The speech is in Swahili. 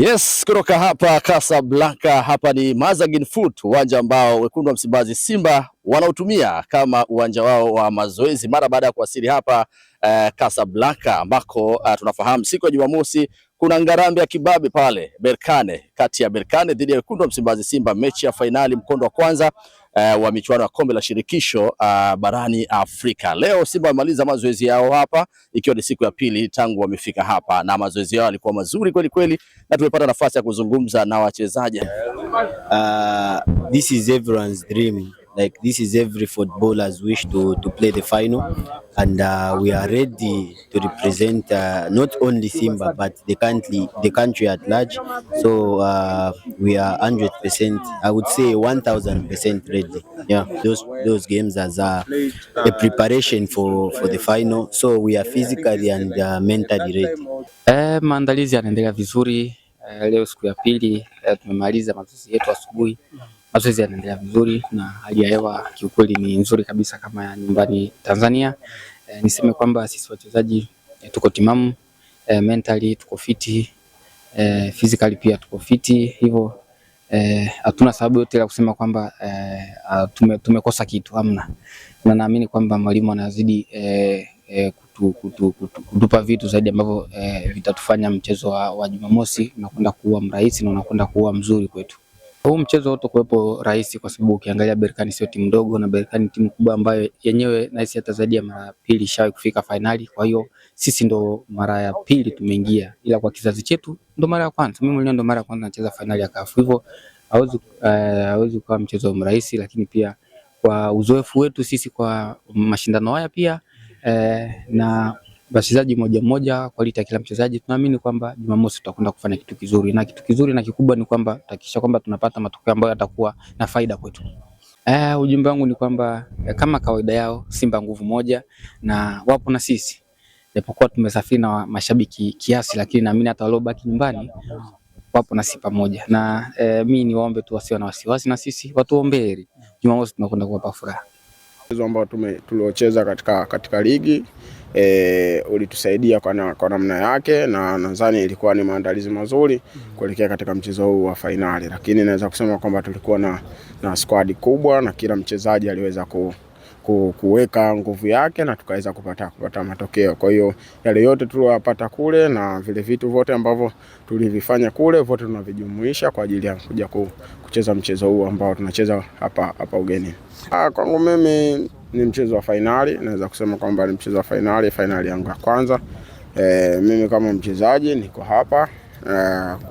Yes, kutoka hapa Casablanca, hapa ni Mazagin Foot, uwanja ambao wekundu wa Msimbazi Simba wanaotumia kama uwanja wao wa mazoezi mara baada ya kuwasili hapa uh, Casablanca ambako uh, tunafahamu siku ya Jumamosi kuna ngarambe ya kibabe pale Berkane, kati ya Berkane dhidi ya wekundu wa Msimbazi Simba, mechi ya fainali mkondo wa kwanza uh, wa michuano ya kombe la shirikisho uh, barani Afrika. Leo Simba wamemaliza mazoezi yao hapa, ikiwa ni siku ya pili tangu wamefika hapa, na mazoezi yao yalikuwa mazuri kweli kweli, na tumepata nafasi ya kuzungumza na wachezaji. Uh, this is everyone's dream like this is every footballer's wish to to play the final and uh, we are ready to represent uh, not only Simba but the country, the country at large. So uh, we are 100%, I would say 1000% ready. Yeah, those those games as a, a preparation for, for the final. So we are physically and uh, mentally ready. Eh, maandalizi yanaendelea vizuri. Uh, leo siku ya pili eh, tumemaliza mazoezi yetu asubuhi mazoezi yanaendelea vizuri na hali ya hewa kiukweli ni nzuri kabisa kama ya nyumbani Tanzania. E, niseme kwamba sisi wachezaji e, tuko timamu e, mentally tuko fiti e, physically pia tuko fiti, hivyo hatuna e, sababu yote la kusema kwamba e, tume, tumekosa kitu amna na naamini kwamba mwalimu anazidi e, e, kutu, kutu, kutu, kutupa vitu zaidi ambavyo e, vitatufanya mchezo wa, wa Jumamosi unakwenda kuwa mrahisi na unakwenda kuwa mzuri kwetu. Huu mchezo kuwepo rahisi kwa sababu ukiangalia Berkane sio timu ndogo, na Berkane timu kubwa ambayo yenyewe nahisi hata zaidi ya mara pili ishawahi kufika fainali. Kwa hiyo sisi ndo mara ya pili tumeingia, ila kwa kizazi chetu ndo mara ya kwanza. Mimi mwenyewe ndo mara ya kwanza nacheza fainali ya CAF, hivyo hawezi eh, uh, kuwa mchezo mrahisi, lakini pia kwa uzoefu wetu sisi kwa mashindano haya pia uh, na wachezaji moja moja, kwa lita kila mchezaji. Tunaamini kwamba Jumamosi tutakwenda kufanya kitu kizuri, na kitu kizuri na kikubwa ni kwamba tutahakikisha kwamba tunapata matokeo ambayo yatakuwa na faida kwetu. Eh, ujumbe wangu ni kwamba eh, kama kawaida yao Simba nguvu moja na wapo na sisi. Japokuwa tumesafiri na mashabiki kiasi, lakini naamini hata waliobaki nyumbani wapo na sisi pamoja. Na eh, mimi niwaombe tu wasiwe na wasiwasi na sisi, watuombee. Jumamosi tunakwenda kuwapa furaha. Mchezo ambao tuliocheza katika, katika ligi e, ulitusaidia kwa, na, kwa namna yake na nadhani ilikuwa ni maandalizi mazuri kuelekea katika mchezo huu wa fainali, lakini naweza kusema kwamba tulikuwa na, na squad kubwa na kila mchezaji aliweza ku kuweka nguvu yake na tukaweza kupata, kupata matokeo. Kwa hiyo yale yote tuliyopata kule na vile vitu vyote ambavyo tulivifanya kule vyote tunavijumuisha kwa ajili ya kuja kucheza mchezo huu ambao tunacheza hapa, hapa ugenini. Ah, kwangu mimi ni mchezo wa fainali, naweza kusema kwamba ni mchezo wa fainali, fainali yangu ya kwanza. E, mimi kama mchezaji niko hapa e,